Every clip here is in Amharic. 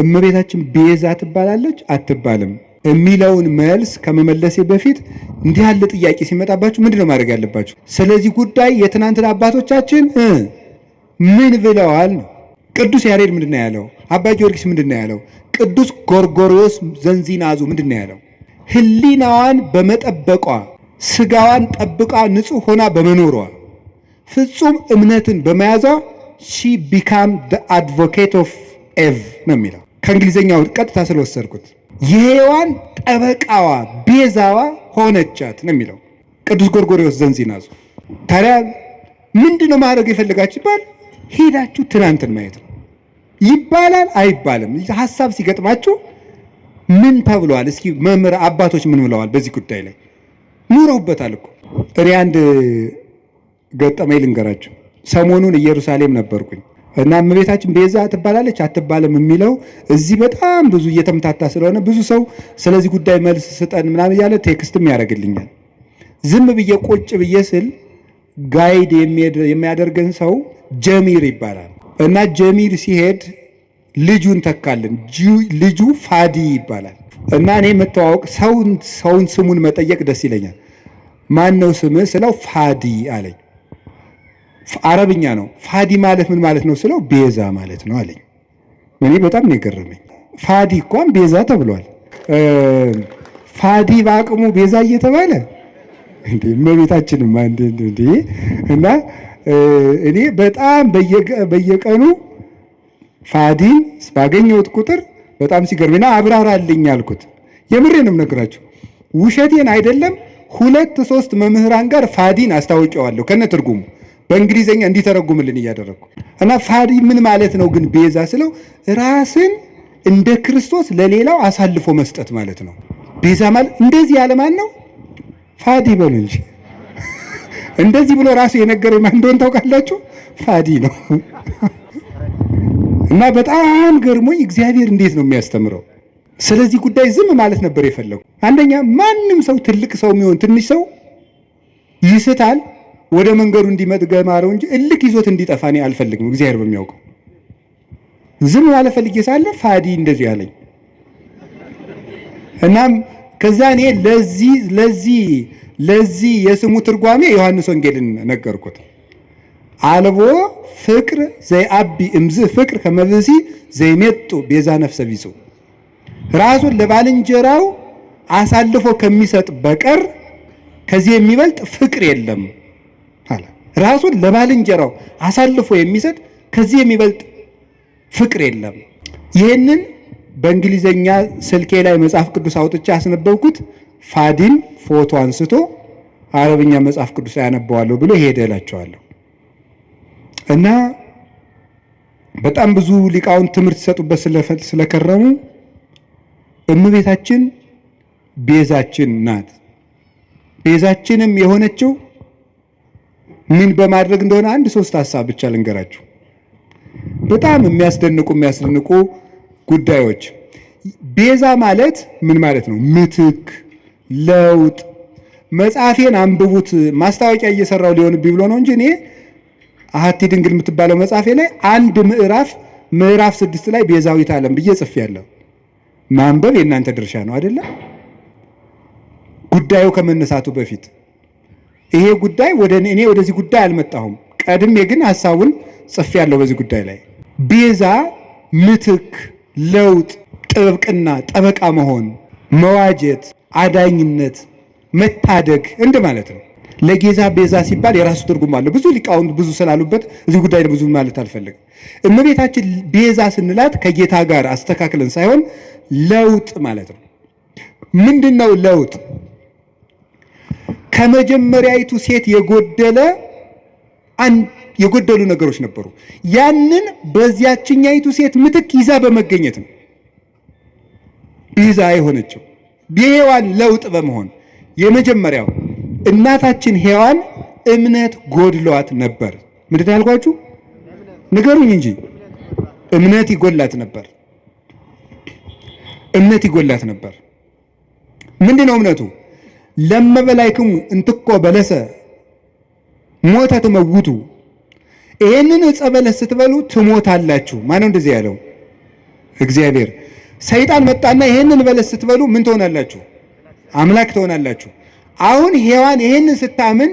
እመቤታችን ቤዛ ትባላለች አትባልም የሚለውን መልስ ከመመለሴ በፊት እንዲህ ያለ ጥያቄ ሲመጣባችሁ ምንድነው ማድረግ ያለባችሁ? ስለዚህ ጉዳይ የትናንትና አባቶቻችን ምን ብለዋል? ቅዱስ ያሬድ ምንድን ነው ያለው? አባ ጊዮርጊስ ምንድን ነው ያለው? ቅዱስ ጎርጎሮስ ዘንዚናዙ ምንድን ነው ያለው? ህሊናዋን በመጠበቋ ስጋዋን ጠብቃ ንጹህ ሆና በመኖሯ ፍጹም እምነትን በመያዟ ሺ ቢካም አድቮኬት ኦፍ ኤቭ ነው የሚለው ከእንግሊዝኛው ቀጥታ ስለወሰድኩት የሔዋን ጠበቃዋ ቤዛዋ ሆነቻት ነው የሚለው ቅዱስ ጎርጎሪዎስ ዘንዚናዙ። ታዲያ ምንድን ነው ማድረግ የፈለጋችሁ ይባል ሄዳችሁ ትናንትን ማየት ነው ይባላል አይባልም? ሀሳብ ሲገጥማችሁ ምን ተብለዋል? እስኪ መምህር አባቶች ምን ብለዋል? በዚህ ጉዳይ ላይ ኑረውበታል እኮ። እኔ አንድ ገጠመኝ ልንገራችሁ። ሰሞኑን ኢየሩሳሌም ነበርኩኝ። እና እመቤታችን ቤዛ ትባላለች አትባልም የሚለው እዚህ በጣም ብዙ እየተምታታ ስለሆነ ብዙ ሰው ስለዚህ ጉዳይ መልስ ስጠን ምናምን እያለ ቴክስትም ያደርግልኛል። ዝም ብዬ ቁጭ ብዬ ስል ጋይድ የሚያደርገን ሰው ጀሚር ይባላል እና ጀሚር ሲሄድ ልጁን ተካልን። ልጁ ፋዲ ይባላል እና እኔ የምተዋወቅ ሰውን ሰውን ስሙን መጠየቅ ደስ ይለኛል። ማን ነው ስምህ ስለው ፋዲ አለኝ። አረብኛ ነው። ፋዲ ማለት ምን ማለት ነው ስለው ቤዛ ማለት ነው አለኝ። እኔ በጣም ነው የገረመኝ። ፋዲ እንኳን ቤዛ ተብሏል። ፋዲ በአቅሙ ቤዛ እየተባለ እንዴ! እመቤታችንም እና እኔ በጣም በየቀኑ ፋዲን ባገኘሁት ቁጥር በጣም ሲገርምና አብራራልኝ አልኩት። የምሬንም ነግራችሁ ውሸቴን አይደለም። ሁለት ሶስት መምህራን ጋር ፋዲን አስታውቀዋለሁ ከነ ትርጉሙ በእንግሊዘኛ እንዲተረጉምልን እያደረግኩ እና ፋሪ ምን ማለት ነው ግን ቤዛ ስለው ራስን እንደ ክርስቶስ ለሌላው አሳልፎ መስጠት ማለት ነው። ቤዛ ማለት እንደዚህ ያለ ማን ነው? ፋዲ በሉ እንጂ እንደዚህ ብሎ ራሱ የነገረኝ ማን እንደሆነ ታውቃላችሁ? ፋዲ ነው። እና በጣም ገርሞኝ እግዚአብሔር እንዴት ነው የሚያስተምረው። ስለዚህ ጉዳይ ዝም ማለት ነበር የፈለጉ። አንደኛ ማንም ሰው ትልቅ ሰው የሚሆን ትንሽ ሰው ይስታል ወደ መንገዱ እንዲመጥ ገማረው እንጂ እልክ ይዞት እንዲጠፋ እኔ አልፈልግም። እግዚአብሔር በሚያውቀው ዝም ያለ ፈልጌ ሳለ ፋዲ እንደዚህ ያለኝ እናም ከዛ እኔ ለዚህ ለዚህ ለዚህ የስሙ ትርጓሜ ዮሐንስ ወንጌልን ነገርኩት። አልቦ ፍቅር ዘይ አቢ እምዝ ፍቅር ከመብሲ ዘይሜጡ ቤዛ ነፍሰ ቢጹ ራሱን ለባልንጀራው አሳልፎ ከሚሰጥ በቀር ከዚህ የሚበልጥ ፍቅር የለም። አለ። ራሱን ለባልንጀራው አሳልፎ የሚሰጥ ከዚህ የሚበልጥ ፍቅር የለም። ይህንን በእንግሊዘኛ ስልኬ ላይ መጽሐፍ ቅዱስ አውጥቼ አስነበብኩት። ፋዲን ፎቶ አንስቶ አረብኛ መጽሐፍ ቅዱስ ላይ ብሎ ሄደ እላቸዋለሁ። እና በጣም ብዙ ሊቃውንት ትምህርት ሲሰጡበት ስለከረሙ እመቤታችን ቤዛችን ናት። ቤዛችንም የሆነችው ምን በማድረግ እንደሆነ አንድ ሶስት ሀሳብ ብቻ ልንገራችሁ። በጣም የሚያስደንቁ የሚያስደንቁ ጉዳዮች። ቤዛ ማለት ምን ማለት ነው? ምትክ፣ ለውጥ። መጽሐፌን አንብቡት ማስታወቂያ እየሰራው ሊሆንብኝ ብሎ ነው እንጂ እኔ አሐቲ ድንግል የምትባለው መጽሐፌ ላይ አንድ ምዕራፍ ምዕራፍ ስድስት ላይ ቤዛዊት ዓለም ብዬ ጽፌያለሁ። ማንበብ የእናንተ ድርሻ ነው አይደለም? ጉዳዩ ከመነሳቱ በፊት ይሄ ጉዳይ ወደ እኔ ወደዚህ ጉዳይ አልመጣሁም። ቀድሜ ግን ሀሳቡን ጽፌያለሁ በዚህ ጉዳይ ላይ ቤዛ፣ ምትክ፣ ለውጥ፣ ጥብቅና፣ ጠበቃ መሆን፣ መዋጀት፣ አዳኝነት፣ መታደግ እንደ ማለት ነው። ለጌዛ ቤዛ ሲባል የራሱ ትርጉም አለው። ብዙ ሊቃውንት ብዙ ስላሉበት እዚህ ጉዳይ ብዙ ማለት አልፈልግም። እመቤታችን ቤዛ ስንላት ከጌታ ጋር አስተካክለን ሳይሆን ለውጥ ማለት ነው። ምንድን ነው ለውጥ? ከመጀመሪያይቱ ሴት የጎደለ የጎደሉ ነገሮች ነበሩ። ያንን በዚያችኛይቱ ሴት ምትክ ይዛ በመገኘት ነው ይዛ የሆነችው የሔዋን ለውጥ በመሆን የመጀመሪያው እናታችን ሔዋን እምነት ጎድሏት ነበር። ምንድን ነው ያልኳችሁ? ንገሩኝ እንጂ እምነት ይጎላት ነበር። እምነት ይጎላት ነበር። ምንድን ነው እምነቱ? ለመበላይክሙ እንትኮ በለሰ ሞተ ትመውቱ፣ ይሄንን ዕፀ በለስ ስትበሉ ትሞታላችሁ። ማነው እንደዚህ ያለው? እግዚአብሔር። ሰይጣን መጣና ይህንን በለስ ስትበሉ ምን ትሆናላችሁ? አምላክ ትሆናላችሁ። አሁን ሔዋን ይህንን ስታምን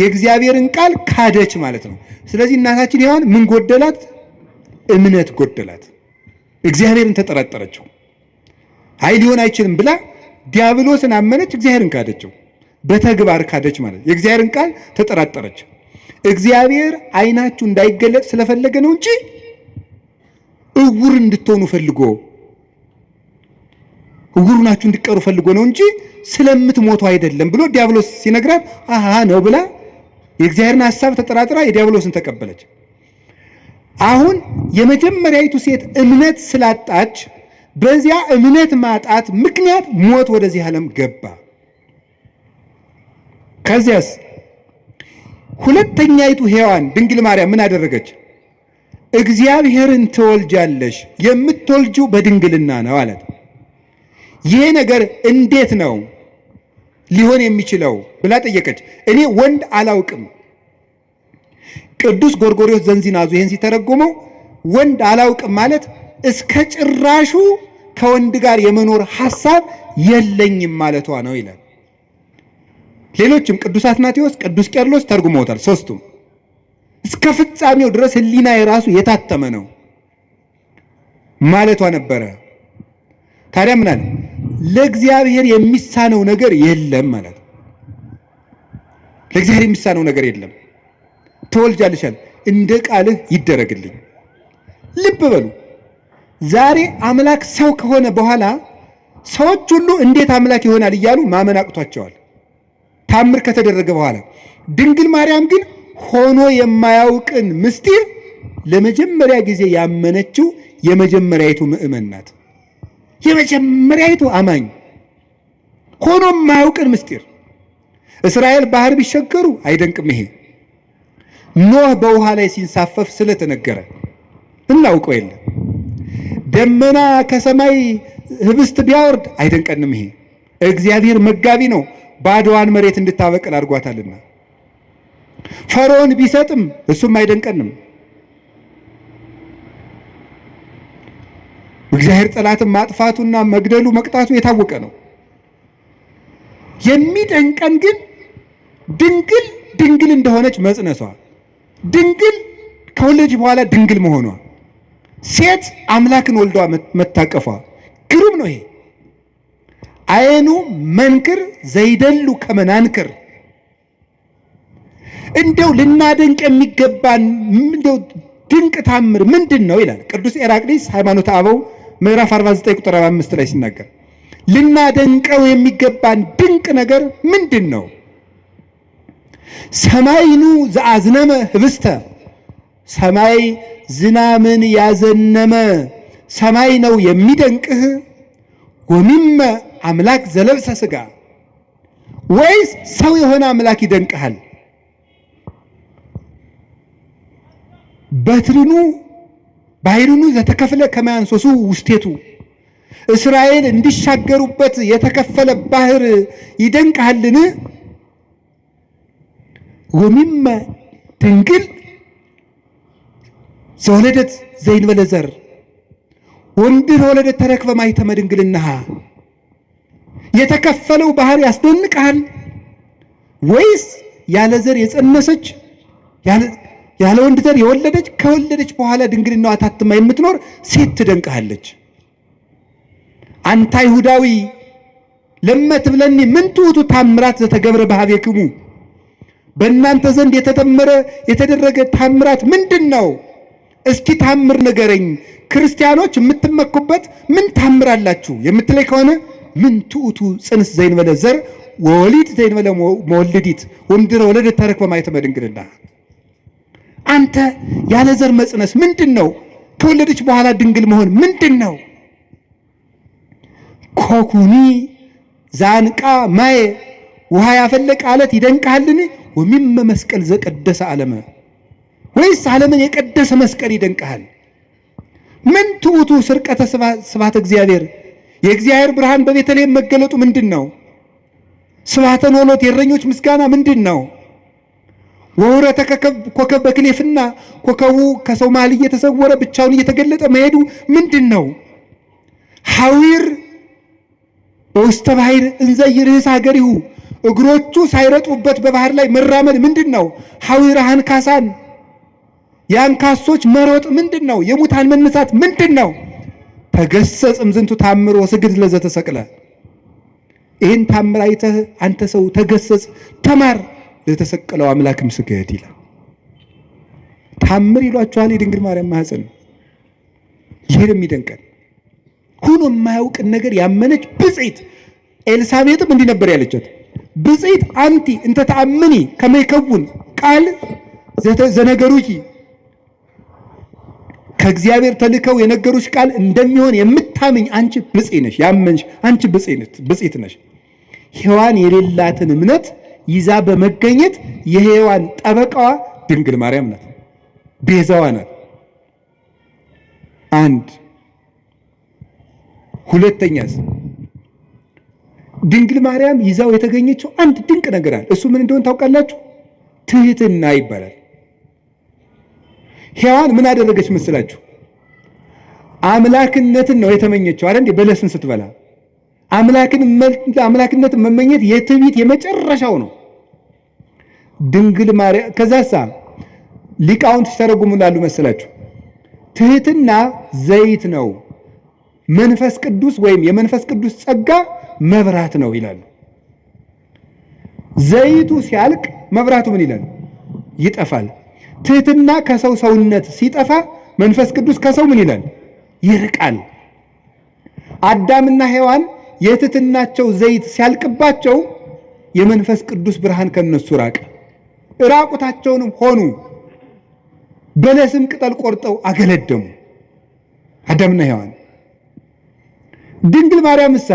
የእግዚአብሔርን ቃል ካደች ማለት ነው። ስለዚህ እናታችን ሔዋን ምን ጎደላት? እምነት ጎደላት። እግዚአብሔርን ተጠራጠረችው። አይ ሊሆን አይችልም ብላ ዲያብሎስን አመነች፣ እግዚአብሔርን ካደችው፣ በተግባር ካደች ማለት የእግዚአብሔርን ቃል ተጠራጠረች። እግዚአብሔር ዓይናችሁ እንዳይገለጥ ስለፈለገ ነው እንጂ እውር እንድትሆኑ ፈልጎ እውር ናችሁ እንድቀሩ ፈልጎ ነው እንጂ ስለምትሞቱ አይደለም ብሎ ዲያብሎስ ሲነግራት አሃ ነው ብላ የእግዚአብሔርን ሐሳብ ተጠራጥራ የዲያብሎስን ተቀበለች። አሁን የመጀመሪያይቱ ሴት እምነት ስላጣች በዚያ እምነት ማጣት ምክንያት ሞት ወደዚህ ዓለም ገባ። ከዚያስ ሁለተኛይቱ ሔዋን ድንግል ማርያም ምን አደረገች? እግዚአብሔርን ትወልጃለሽ፣ የምትወልጂው በድንግልና ነው አለት። ይሄ ነገር እንዴት ነው ሊሆን የሚችለው ብላ ጠየቀች። እኔ ወንድ አላውቅም። ቅዱስ ጎርጎሪዎስ ዘንዚናዙ ይህን ሲተረጎመው ወንድ አላውቅም ማለት እስከ ጭራሹ ከወንድ ጋር የመኖር ሐሳብ የለኝም ማለቷ ነው ይላል። ሌሎችም ቅዱስ አትናቴዎስ፣ ቅዱስ ቄርሎስ ተርጉመውታል። ሶስቱም እስከ ፍጻሜው ድረስ ህሊና የራሱ የታተመ ነው ማለቷ ነበረ። ታዲያ ምን አለ? ለእግዚአብሔር የሚሳነው ነገር የለም ማለት ለእግዚአብሔር የሚሳነው ነገር የለም። ትወልጃለሻል፣ እንደ ቃልህ ይደረግልኝ። ልብ በሉ ዛሬ አምላክ ሰው ከሆነ በኋላ ሰዎች ሁሉ እንዴት አምላክ ይሆናል እያሉ ማመን አቅቷቸዋል። ታምር ከተደረገ በኋላ ድንግል ማርያም ግን ሆኖ የማያውቅን ምስጢር ለመጀመሪያ ጊዜ ያመነችው የመጀመሪያይቱ ምእመን ናት። የመጀመሪያይቱ አማኝ ሆኖ የማያውቅን ምስጢር እስራኤል ባህር ቢሸገሩ አይደንቅም። ይሄ ኖህ በውሃ ላይ ሲንሳፈፍ ስለተነገረ እናውቀው የለም። ደመና ከሰማይ ህብስት ቢያወርድ አይደንቀንም። ይሄ እግዚአብሔር መጋቢ ነው፣ ባዶዋን መሬት እንድታበቅል አድርጓታልና። ፈርዖን ቢሰጥም እሱም አይደንቀንም። እግዚአብሔር ጠላትን ማጥፋቱና መግደሉ መቅጣቱ የታወቀ ነው። የሚደንቀን ግን ድንግል ድንግል እንደሆነች መጽነሷ፣ ድንግል ከወለደች በኋላ ድንግል መሆኗ ሴት አምላክን ወልዷ መታቀፏ ግሩም ነው። ይሄ አይኑ መንክር ዘይደሉ ከመናንክር እንደው ልናደንቅ የሚገባን እንደው ድንቅ ታምር ምንድን ነው ይላል ቅዱስ ኤራቅሊስ ሃይማኖተ አበው ምዕራፍ 49 ቁጥር 5 ላይ ሲናገር ልናደንቀው የሚገባን ድንቅ ነገር ምንድን ነው? ሰማይኑ ዘአዝነመ ህብስተ ሰማይ ዝናምን ያዘነመ ሰማይ ነው የሚደንቅህ? ወሚመ አምላክ ዘለብሰ ስጋ ወይስ ሰው የሆነ አምላክ ይደንቅሃል? በትርኑ ባሕሩኑ ዘተከፍለ ከማያንሶሱ ውስቴቱ እስራኤል እንዲሻገሩበት የተከፈለ ባህር ይደንቅሃልን? ወሚመ ድንግል ዘወለደት ዘይንበለ ዘር ወንድር ወለደት ተረክበ ማኅተመ ድንግልናሃ የተከፈለው ባህር ያስደንቅሃል ወይስ ያለ ዘር የጸነሰች ያለ ወንድ ዘር የወለደች ከወለደች በኋላ ድንግልናዋ ታትማ የምትኖር ሴት ትደንቅሃለች። አንታ ይሁዳዊ ብለኒ ምን ትሑቱ ታምራት ዘተገብረ ባህቤክሙ በእናንተ ዘንድ የተተመረ የተደረገ ታምራት ምንድን ነው? እስኪ ታምር ንገረኝ፣ ክርስቲያኖች የምትመኩበት ምን ታምር አላችሁ የምትለኝ ከሆነ ምን ትዑቱ ጽንስ ዘይንበለ ዘር ወወሊድ ዘይንበለ መወልዲት ወምድረ ወለደት ተረክ ማኅተመ መድንግልና አንተ ያለ ዘር መጽነስ ምንድን ነው? ከወለደች በኋላ ድንግል መሆን ምንድን ነው? ኮኩኒ ዛንቃ ማየ ውሃ ያፈለቀ አለት ይደንቅሃልን? ወሚመ መስቀል ዘቀደሰ ዓለመ ወይስ ዓለምን የተቀደሰ መስቀል ይደንቅሃል። ምን ትውቱ ስርቀተ ስብሐት እግዚአብሔር፣ የእግዚአብሔር ብርሃን በቤተልሔም መገለጡ ምንድን ነው? ስብሐተ ኖሎት የእረኞች ምስጋና ምንድን ነው? ወውረተ ኮከብ በክሌፍና ኮከቡ ከሰው መሃል እየተሰወረ ብቻውን እየተገለጠ መሄዱ ምንድን ነው? ሐዊር በውስተ ባሕር እንዘ ይርህስ ሀገሪሁ እግሮቹ ሳይረጡበት በባህር ላይ መራመድ ምንድን ነው? ሐዊር የአንካሶች መሮጥ ምንድን ነው? የሙታን መነሳት ምንድን ነው? ተገሰጽም ዝንቱ ታምሮ ስግድ ተሰቅለ ይህን ታምር አይተህ አንተ ሰው ተገሰጽ፣ ተማር፣ ለተሰቀለው አምላክም ስገድ ይላል። ታምር ይሏቸዋል የድንግል ማርያም ማህፀን ይህ የሚደንቀን ሁሉ የማያውቅን ነገር ያመነች ብጽት ኤልሳቤጥም እንዲህ ነበር ያለቻት፣ ብጽት አንቲ እንተ ተአምኒ ከመይከውን ቃል ዘነገሩኪ ከእግዚአብሔር ተልከው የነገሩሽ ቃል እንደሚሆን የምታምኝ አንቺ ብፅዕት ነሽ። ያመንሽ አንቺ ብፅዕት ነሽ። ሔዋን የሌላትን እምነት ይዛ በመገኘት የሔዋን ጠበቃዋ ድንግል ማርያም ናት፣ ቤዛዋ ናት። አንድ ሁለተኛስ ድንግል ማርያም ይዛው የተገኘችው አንድ ድንቅ ነገር አለ። እሱ ምን እንደሆነ ታውቃላችሁ? ትህትና ይባላል። ሔዋን ምን አደረገች መስላችሁ? አምላክነትን ነው የተመኘችው አይደል? በለስን ስትበላ አምላክን አምላክነት መመኘት የትዕቢት የመጨረሻው ነው። ድንግል ማርያም ከዛሳ ሊቃውንት ሲተረጉሙ ላሉ መስላችሁ ትህትና ዘይት ነው፣ መንፈስ ቅዱስ ወይም የመንፈስ ቅዱስ ጸጋ መብራት ነው ይላሉ። ዘይቱ ሲያልቅ መብራቱ ምን ይላል? ይጠፋል። ትህትና ከሰው ሰውነት ሲጠፋ መንፈስ ቅዱስ ከሰው ምን ይላል? ይርቃል። አዳምና ሔዋን የትህትናቸው ዘይት ሲያልቅባቸው የመንፈስ ቅዱስ ብርሃን ከነሱ ራቀ። ራቁታቸውንም ሆኑ። በለስም ቅጠል ቆርጠው አገለደሙ አዳምና ሔዋን። ድንግል ማርያም እሳ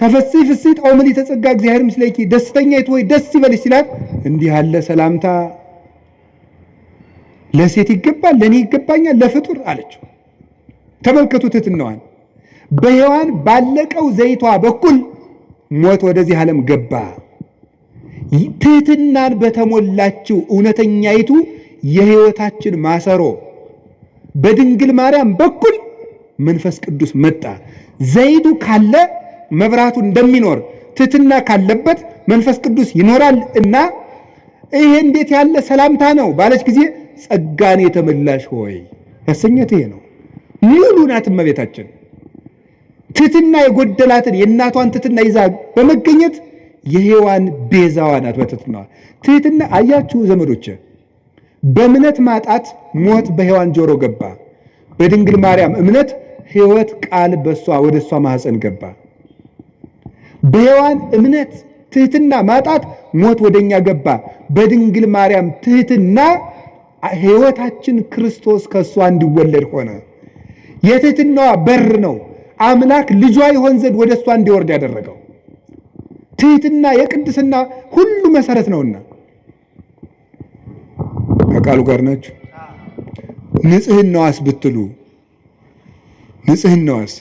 ተፈሲ ፍሲት ጣውምል የተጸጋ እግዚአብሔር ምስለኪ ደስተኛ ይትወይ ደስ ይበልሽ ሲላት እንዲህ አለ ሰላምታ ለሴት ይገባል፣ ለእኔ ይገባኛል፣ ለፍጡር አለችው። ተመልከቱ ትሕትናዋን። በሔዋን ባለቀው ዘይቷ በኩል ሞት ወደዚህ ዓለም ገባ። ትሕትናን በተሞላችው እውነተኛይቱ የህይወታችን ማሰሮ በድንግል ማርያም በኩል መንፈስ ቅዱስ መጣ። ዘይቱ ካለ መብራቱ እንደሚኖር ትህትና ካለበት መንፈስ ቅዱስ ይኖራል እና ይሄ እንዴት ያለ ሰላምታ ነው ባለች ጊዜ ጸጋን የተመላሽ ሆይ ያሰኘት ይሄ ነው። ሙሉ ናት እመቤታችን። ትህትና የጎደላትን የእናቷን ትህትና ይዛ በመገኘት የሔዋን ቤዛዋ ናት። በትህትና ትህትና አያችሁ ዘመዶች፣ በእምነት ማጣት ሞት በሔዋን ጆሮ ገባ። በድንግል ማርያም እምነት ሕይወት ቃል በእሷ ወደ እሷ ማህፀን ገባ። በሔዋን እምነት ትህትና ማጣት ሞት ወደኛ ገባ። በድንግል ማርያም ትህትና ሕይወታችን ክርስቶስ ከእሷ እንዲወለድ ሆነ። የትህትናዋ በር ነው አምላክ ልጇ ይሆን ዘንድ ወደ እሷ እንዲወርድ ያደረገው። ትህትና የቅድስና ሁሉ መሰረት ነውና ከቃሉ ጋር ናችሁ። ንጽህናዋስ ብትሉ ንጽህናዋስ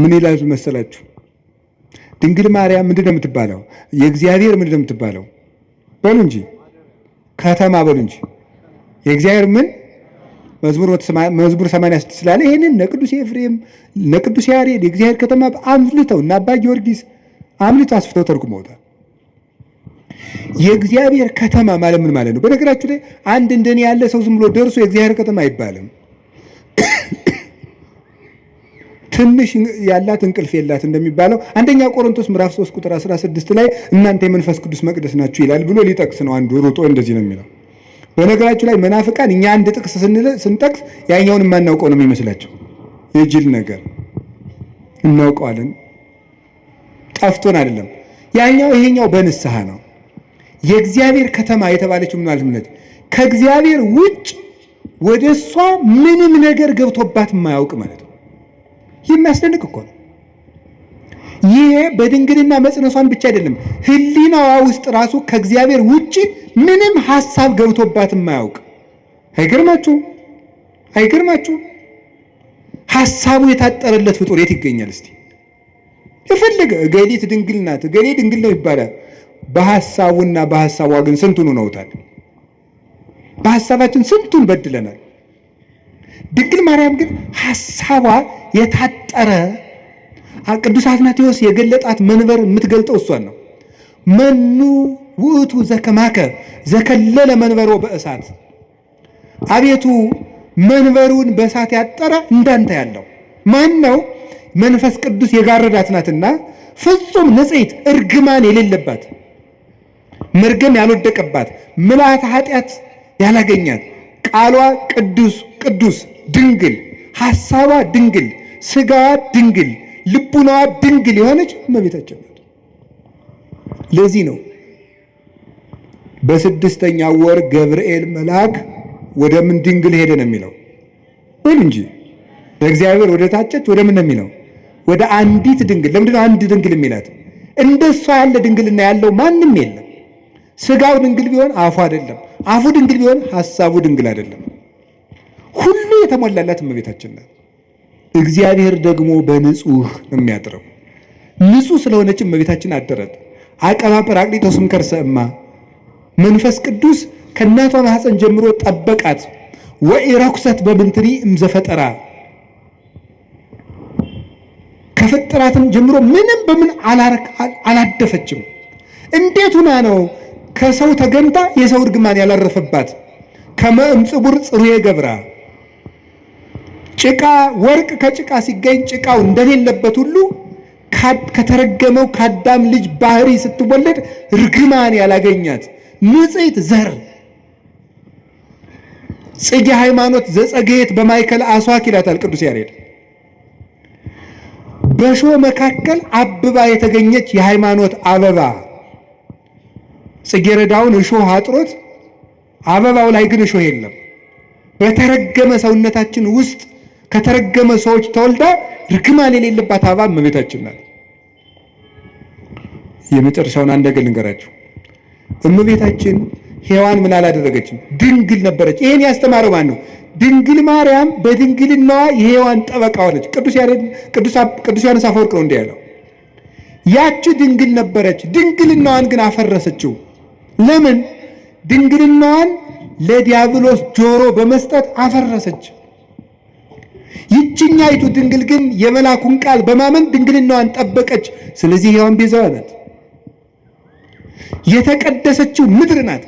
ምን ይላል መሰላችሁ? ድንግል ማርያም ምንድን ነው የምትባለው? የእግዚአብሔር ምንድን ነው የምትባለው? በሉ እንጂ ከተማ በሉ እንጂ የእግዚአብሔር ምን መዝሙር 86 ስላለ ይህንን ነቅዱስ ኤፍሬም ነቅዱስ ያሬድ የእግዚአብሔር ከተማ አምልተው እና አባ ጊዮርጊስ አምልተው አስፍተው ተርጉመውታል። የእግዚአብሔር ከተማ ማለት ምን ማለት ነው? በነገራችሁ ላይ አንድ እንደኔ ያለ ሰው ዝም ብሎ ደርሶ የእግዚአብሔር ከተማ አይባልም። ትንሽ ያላት እንቅልፍ የላት እንደሚባለው አንደኛ ቆሮንቶስ ምዕራፍ 3 ቁጥር 16 ላይ እናንተ የመንፈስ ቅዱስ መቅደስ ናችሁ ይላል ብሎ ሊጠቅስ ነው። አንዱ ሩጦ እንደዚህ ነው የሚለው። በነገራችሁ ላይ መናፍቃን እኛ አንድ ጥቅስ ስንጠቅስ ያኛውን የማናውቀው ነው የሚመስላቸው። የጅል ነገር እናውቀዋለን። ጠፍቶን አይደለም። ያኛው ይሄኛው በንስሐ ነው። የእግዚአብሔር ከተማ የተባለችው ምን ማለት ከእግዚአብሔር ውጭ ወደ እሷ ምንም ነገር ገብቶባት የማያውቅ ማለት ነው። የሚያስደንቅ እኮ ነው። ይሄ በድንግልና መጽነሷን ብቻ አይደለም፣ ህሊናዋ ውስጥ ራሱ ከእግዚአብሔር ውጭ ምንም ሀሳብ ገብቶባት የማያውቅ አይገርማችሁ? አይገርማችሁ? ሀሳቡ የታጠረለት ፍጡር የት ይገኛል? እስቲ የፈለገ እገሊት ድንግል ናት፣ እገሌ ድንግል ነው ይባላል። በሀሳቡና በሀሳቧ ግን ስንቱን ሆነውታል። በሀሳባችን ስንቱን በድለናል። ድንግል ማርያም ግን ሀሳቧ የታ ጸረ ቅዱስ አትናቴዎስ የገለጣት መንበር የምትገልጠው እሷን ነው። መኑ ውእቱ ዘከማከ ዘከለለ መንበሮ በእሳት አቤቱ መንበሩን በእሳት ያጠረ እንዳንተ ያለው ማን ነው? መንፈስ ቅዱስ የጋረዳት ናትና ፍጹም ንጽሕት እርግማን የሌለባት መርገም ያልወደቀባት ምልአተ ኃጢአት ያላገኛት ቃሏ ቅዱስ ቅዱስ ድንግል ሐሳቧ ድንግል ስጋዋ ድንግል፣ ልቡና ድንግል የሆነች እመቤታችን ናት። ለዚህ ነው በስድስተኛ ወር ገብርኤል መልአክ ወደ ምን ድንግል ሄደ ነው የሚለው ይል እንጂ እግዚአብሔር ወደ ታጨች ወደ ምን ነው የሚለው ወደ አንዲት ድንግል። ለምንድነው አንድ ድንግል የሚላት? እንደሷ ያለ ድንግልና ያለው ማንም የለም። ስጋው ድንግል ቢሆን አፉ አይደለም፣ አፉ ድንግል ቢሆን ሀሳቡ ድንግል አይደለም። ሁሉ የተሞላላት እመቤታችን ናት። እግዚአብሔር ደግሞ በንጹህ የሚያጥረው ንጹህ ስለሆነች እመቤታችን አደረት። አቀባበር አቅሊጦስም ከርሰ እማ መንፈስ ቅዱስ ከእናቷ ማህፀን ጀምሮ ጠበቃት። ወኢረኩሰት በምንትሪ እምዘፈጠራ ከፈጠራትም ጀምሮ ምንም በምን አላደፈችም። እንዴት ሁና ነው ከሰው ተገንታ የሰው እርግማን ያላረፈባት? ከመ እምጽቡር ጽሩየ ገብራ ጭቃ ወርቅ ከጭቃ ሲገኝ ጭቃው እንደሌለበት ሁሉ ከተረገመው ከአዳም ልጅ ባህሪ ስትወለድ ርግማን ያላገኛት ንጽሕት ዘር ጽጌ ሃይማኖት ዘጸገየት በማይከል አስዋክ ይላታል ቅዱስ ያሬድ። በሾ መካከል አብባ የተገኘች የሃይማኖት አበባ ጽጌረዳውን እሾህ አጥሮት አበባው ላይ ግን እሾህ የለም። በተረገመ ሰውነታችን ውስጥ ከተረገመ ሰዎች ተወልዳ ርግማን የሌለባት አበባ እመቤታችን ናት። የመጨረሻውን አንድ ነገር ልንገራችሁ። እመቤታችን ሔዋን ምን አላደረገችም? ድንግል ነበረች። ይሄን ያስተማረው ማን ነው? ድንግል ማርያም በድንግልናዋ የሔዋን ጠበቃ ሆነች። ቅዱስ ዮሐንስ አፈወርቅ ነው እንዲህ ያለው። ያቺ ድንግል ነበረች፣ ድንግልናዋን ግን አፈረሰችው። ለምን? ድንግልናዋን ለዲያብሎስ ጆሮ በመስጠት አፈረሰች። ይችኛይቱ ድንግል ግን የመላኩን ቃል በማመን ድንግልናዋን ጠበቀች። ስለዚህ ሕያዋን ቤዛዋ ናት፣ የተቀደሰችው ምድር ናት።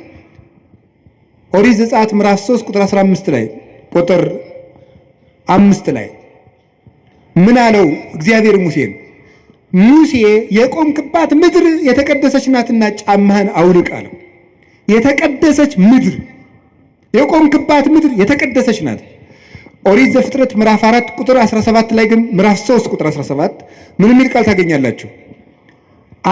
ኦሪት ዘጸአት ምዕራፍ 3 ቁጥር 15 ላይ ቁጥር አምስት ላይ ምን አለው እግዚአብሔር ሙሴን? ሙሴ የቆምክባት ምድር የተቀደሰች ናትና ጫማህን አውልቅ አለው። የተቀደሰች ምድር የቆምክባት ምድር የተቀደሰች ናት። ኦሪት ዘፍጥረት ምዕራፍ 4 ቁጥር 17 ላይ ግን ምዕራፍ 3 ቁጥር 17 ምን የሚል ቃል ታገኛላችሁ?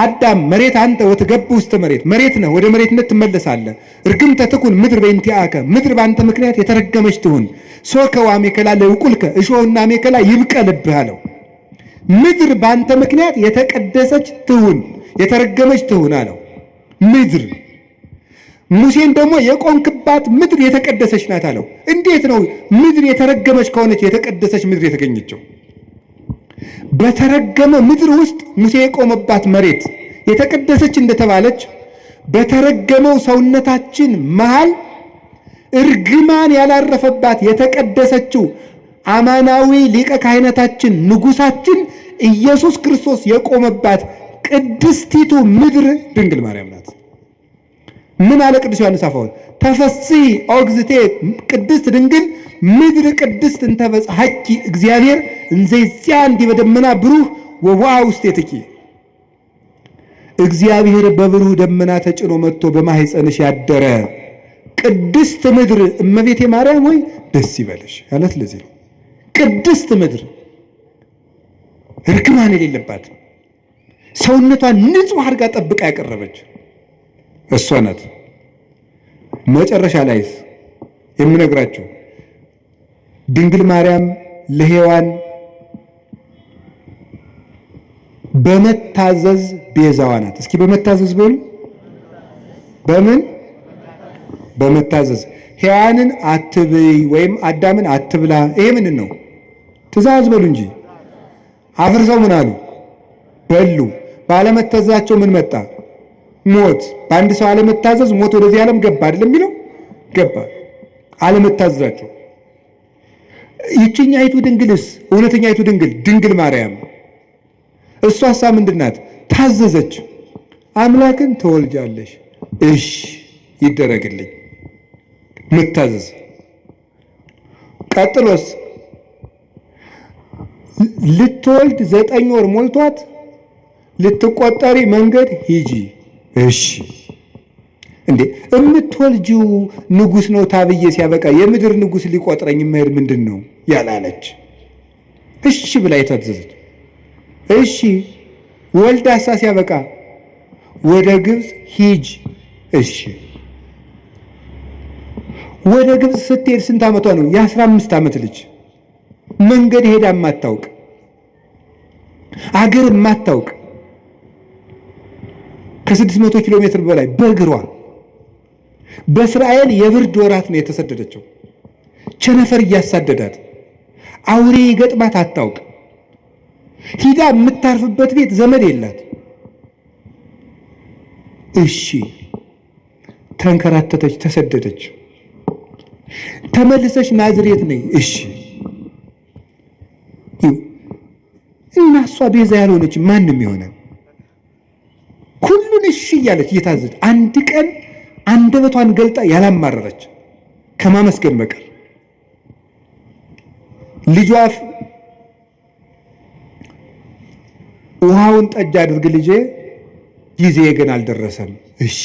አዳም መሬት አንተ ወትገብ ውስጥ መሬት መሬት ነህ፣ ወደ መሬትነት ትመለሳለህ። እርግምተ ትኩን ምድር በእንቲአከ ምድር በአንተ ምክንያት የተረገመች ትሁን። ሶከ ወአሜከላ ለውቁልከ እሾህና አሜከላ ይብቀልብህ አለው። ምድር በአንተ ምክንያት የተቀደሰች ትሁን፣ የተረገመች ትሁን አለው። ምድር ሙሴን ደግሞ የቆንክ የተረገመባት ምድር የተቀደሰች ናት አለው። እንዴት ነው ምድር የተረገመች ከሆነች የተቀደሰች ምድር የተገኘችው? በተረገመ ምድር ውስጥ ሙሴ የቆመባት መሬት የተቀደሰች እንደተባለች በተረገመው ሰውነታችን መሃል እርግማን ያላረፈባት የተቀደሰችው አማናዊ ሊቀ ካህናታችን ንጉሳችን ኢየሱስ ክርስቶስ የቆመባት ቅድስቲቱ ምድር ድንግል ማርያም ናት። ምን አለ ቅዱስ ዮሐንስ አፈወርቅ? ተፈሲ ኦግዝቴ ቅድስት ድንግል ምድር ቅድስት እንተበጽሐኪ እግዚአብሔር እንዘይዚያ እንዲህ በደመና ብሩህ ውስጥ ውስቴትኪ እግዚአብሔር በብሩህ ደመና ተጭኖ መጥቶ በማህፀንሽ ያደረ ቅድስት ምድር እመቤቴ ማርያም ወይ ደስ ይበልሽ ያለት ለዚህ ነው። ቅድስት ምድር እርግማን የሌለባት ሰውነቷን ንጹሕ አድርጋ ጠብቃ ያቀረበች እሷ ናት። መጨረሻ ላይስ የምነግራቸው ድንግል ማርያም ለሔዋን በመታዘዝ ቤዛዋ ናት። እስኪ በመታዘዝ በሉ። በምን በመታዘዝ ሔዋንን አትብይ ወይም አዳምን አትብላ። ይሄ ምንድን ነው? ትእዛዝ በሉ እንጂ አፍርሰው ምን አሉ? በሉ። ባለመታዘዛቸው ምን መጣ? ሞት በአንድ ሰው አለመታዘዝ ሞት ወደዚህ ዓለም ገባ አይደለም የሚለው ገባ አለመታዘዛቸው ይችኛ አይቱ ድንግልስ እውነተኛ አይቱ ድንግል ድንግል ማርያም እሷ ሳ ምንድናት ታዘዘች አምላክን ተወልጃለሽ እሽ ይደረግልኝ ምታዘዝ ቀጥሎስ ልትወልድ ዘጠኝ ወር ሞልቷት ልትቆጠሪ መንገድ ሂጂ እሺ እንዴ እምትወልጂው ንጉስ ነው ታብዬ ሲያበቃ የምድር ንጉስ ሊቆጥረኝ መሄድ ምንድን ነው ያላለች። እሺ ብላ የታዘዘች እሺ ወልዳሳ ሲያበቃ ወደ ግብፅ ሂጅ። እሺ ወደ ግብፅ ስትሄድ ስንት ዓመቷ ነው? የአስራ አምስት ዓመት ልጅ መንገድ ሄዳ የማታውቅ አገር የማታውቅ ከ600 ኪሎ ሜትር በላይ በእግሯ በእስራኤል የብርድ ወራት ነው የተሰደደችው። ቸነፈር እያሳደዳት አውሬ ገጥማት አታውቅ። ሂዳ የምታርፍበት ቤት ዘመድ የላት። እሺ ተንከራተተች፣ ተሰደደች። ተመልሰች ናዝሬት ነኝ። እሺ እናሷ ቤዛ ያልሆነች ማንም ይሆናል። ሁሉን እሺ እያለች እየታዘች አንድ ቀን አንደበቷን ገልጣ ያላማረረች ከማመስገን በቀር ልጇ ውሃውን ጠጅ አድርግ ልጄ፣ ጊዜ ግን አልደረሰም። እሺ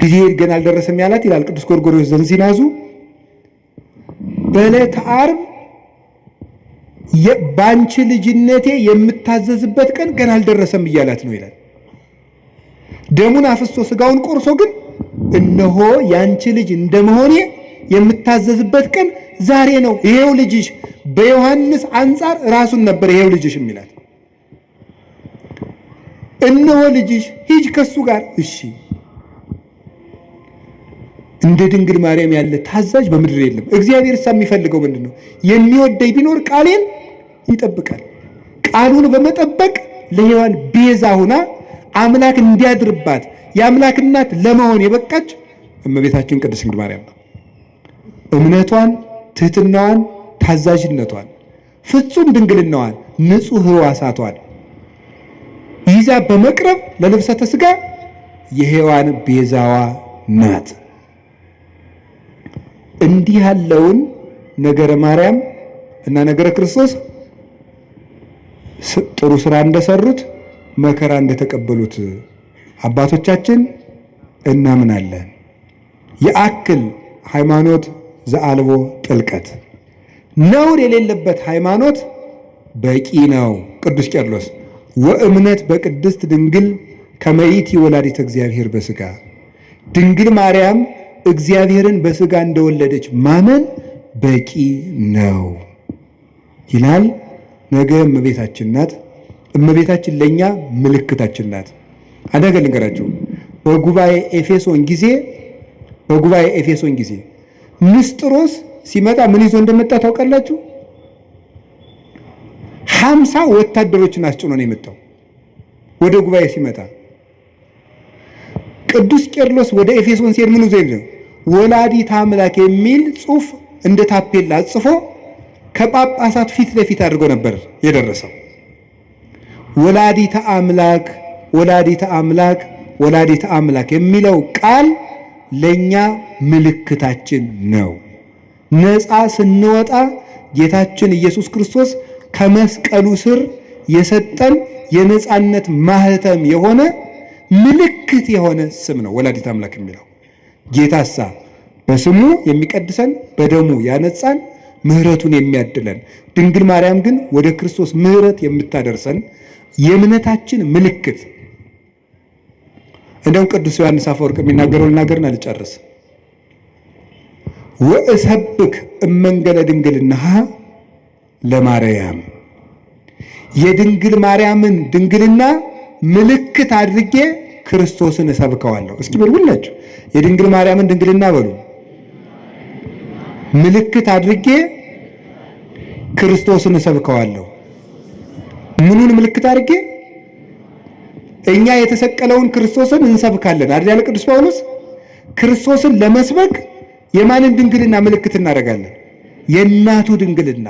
ጊዜ ግን አልደረሰም ያላት ይላል ቅዱስ ጎርጎርዮስ ዘንዚናዙ በዕለተ ዓርብ በአንቺ ልጅነቴ የምታዘዝበት ቀን ገና አልደረሰም እያላት ነው ይላል። ደሙን አፍሶ ስጋውን ቆርሶ ግን እነሆ የአንቺ ልጅ እንደመሆኔ የምታዘዝበት ቀን ዛሬ ነው፣ ይሄው ልጅሽ። በዮሐንስ አንጻር ራሱን ነበር ይሄው ልጅሽ የሚላት። እነሆ ልጅሽ፣ ሂጅ ከሱ ጋር እሺ። እንደ ድንግል ማርያም ያለ ታዛዥ በምድር የለም። እግዚአብሔር እሳ የሚፈልገው ምንድን ነው? የሚወደኝ ቢኖር ቃሌን ይጠብቃል። ቃሉን በመጠበቅ ለሔዋን ቤዛ ሆና አምላክ እንዲያድርባት የአምላክ እናት ለመሆን የበቃች እመቤታችን ቅድስት ድንግል ማርያም ነው። እምነቷን፣ ትህትናዋን፣ ታዛዥነቷን፣ ፍጹም ድንግልናዋን፣ ንጹሕ ሕዋሳቷን ይዛ በመቅረብ ለልብሰተ ሥጋ የሔዋን ቤዛዋ ናት። እንዲህ ያለውን ነገረ ማርያም እና ነገረ ክርስቶስ ጥሩ ስራ እንደሰሩት መከራ እንደተቀበሉት አባቶቻችን እናምናለን። የአክል ሃይማኖት ዘአልቦ ጥልቀት ነውር የሌለበት ሃይማኖት በቂ ነው። ቅዱስ ቄርሎስ ወእምነት በቅድስት ድንግል ከመይት ወላዲት እግዚአብሔር በስጋ ድንግል ማርያም እግዚአብሔርን በስጋ እንደወለደች ማመን በቂ ነው ይላል። ነገ እመቤታችን ናት። እመቤታችን ለእኛ ምልክታችን ናት። አንድ ልንገራችሁ። በጉባኤ ኤፌሶን ጊዜ በጉባኤ ኤፌሶን ጊዜ ንስጥሮስ ሲመጣ ምን ይዞ እንደመጣ ታውቃላችሁ? ሀምሳ ወታደሮችን አስጭኖ ነው የመጣው ወደ ጉባኤ ሲመጣ። ቅዱስ ቄርሎስ ወደ ኤፌሶን ሲሄድ ምን ይዞ ወላዲተ አምላክ የሚል ጽሑፍ እንደ ታፔላ ጽፎ ከጳጳሳት ፊት ለፊት አድርጎ ነበር የደረሰው። ወላዲተ አምላክ ወላዲተ አምላክ ወላዲተ አምላክ የሚለው ቃል ለኛ ምልክታችን ነው። ነፃ ስንወጣ ጌታችን ኢየሱስ ክርስቶስ ከመስቀሉ ስር የሰጠን የነፃነት ማህተም የሆነ ምልክት የሆነ ስም ነው ወላዲተ አምላክ የሚለው ጌታሳ በስሙ የሚቀድሰን በደሙ ያነጻን ምሕረቱን የሚያድለን ድንግል ማርያም ግን ወደ ክርስቶስ ምሕረት የምታደርሰን የእምነታችን ምልክት። እንደውም ቅዱስ ዮሐንስ አፈወርቅ የሚናገረው ልናገርን አልጨርስ ወእሰብክ እመንገለ ድንግልና ለማርያም የድንግል ማርያምን ድንግልና ምልክት አድርጌ ክርስቶስን እሰብከዋለሁ። እስኪ በሉ ሁላችሁ የድንግል ማርያምን ድንግልና በሉ ምልክት አድርጌ ክርስቶስን እሰብከዋለሁ። ምኑን ምልክት አድርጌ? እኛ የተሰቀለውን ክርስቶስን እንሰብካለን አይደል? ቅዱስ ጳውሎስ ክርስቶስን ለመስበክ የማንን ድንግልና ምልክት እናደርጋለን? የእናቱ ድንግልና።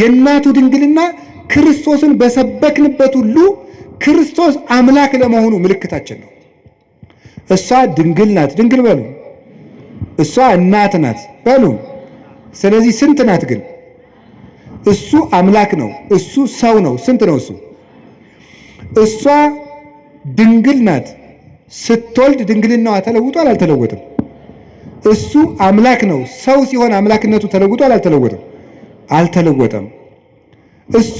የእናቱ ድንግልና ክርስቶስን በሰበክንበት ሁሉ ክርስቶስ አምላክ ለመሆኑ ምልክታችን ነው። እሷ ድንግል ናት፣ ድንግል በሉ። እሷ እናት ናት በሉ። ስለዚህ ስንት ናት ግን? እሱ አምላክ ነው፣ እሱ ሰው ነው። ስንት ነው እሱ? እሷ ድንግል ናት። ስትወልድ ድንግልናዋ ተለውጧል አልተለወጥም? እሱ አምላክ ነው። ሰው ሲሆን አምላክነቱ ተለውጧል አልተለወጥም? አልተለወጠም። እሷ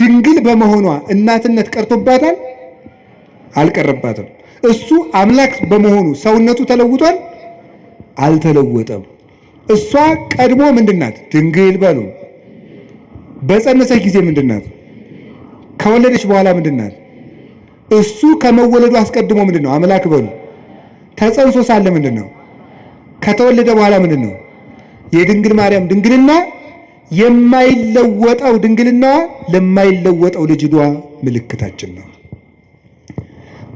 ድንግል በመሆኗ እናትነት ቀርቶባታል? አልቀረባትም። እሱ አምላክ በመሆኑ ሰውነቱ ተለውጧል? አልተለወጠም። እሷ ቀድሞ ምንድን ናት? ድንግል በሉ በጸነሰች ጊዜ ምንድን ናት? ከወለደች በኋላ ምንድን ናት? እሱ ከመወለዱ አስቀድሞ ምንድን ነው? አምላክ በሉ ተጸንሶ ሳለ ምንድን ነው? ከተወለደ በኋላ ምንድን ነው? የድንግል ማርያም ድንግልና የማይለወጠው ድንግልና ለማይለወጠው ልጅዷ ምልክታችን ነው።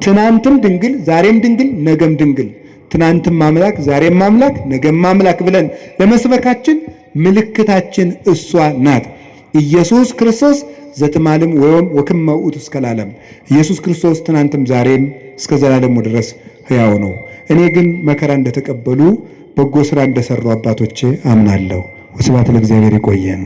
ትናንትም ድንግል ዛሬም ድንግል ነገም ድንግል፣ ትናንትም አምላክ ዛሬም አምላክ ነገም አምላክ ብለን ለመስበካችን ምልክታችን እሷ ናት። ኢየሱስ ክርስቶስ ዘትማልም ወዮም ወክመ ውእቱ እስከ ለዓለም። ኢየሱስ ክርስቶስ ትናንትም ዛሬም እስከ ዘላለሙ ድረስ ሕያው ነው። እኔ ግን መከራ እንደተቀበሉ በጎ ስራ እንደሰሩ አባቶቼ አምናለሁ። ወስብሐት ለእግዚአብሔር። ይቆየን።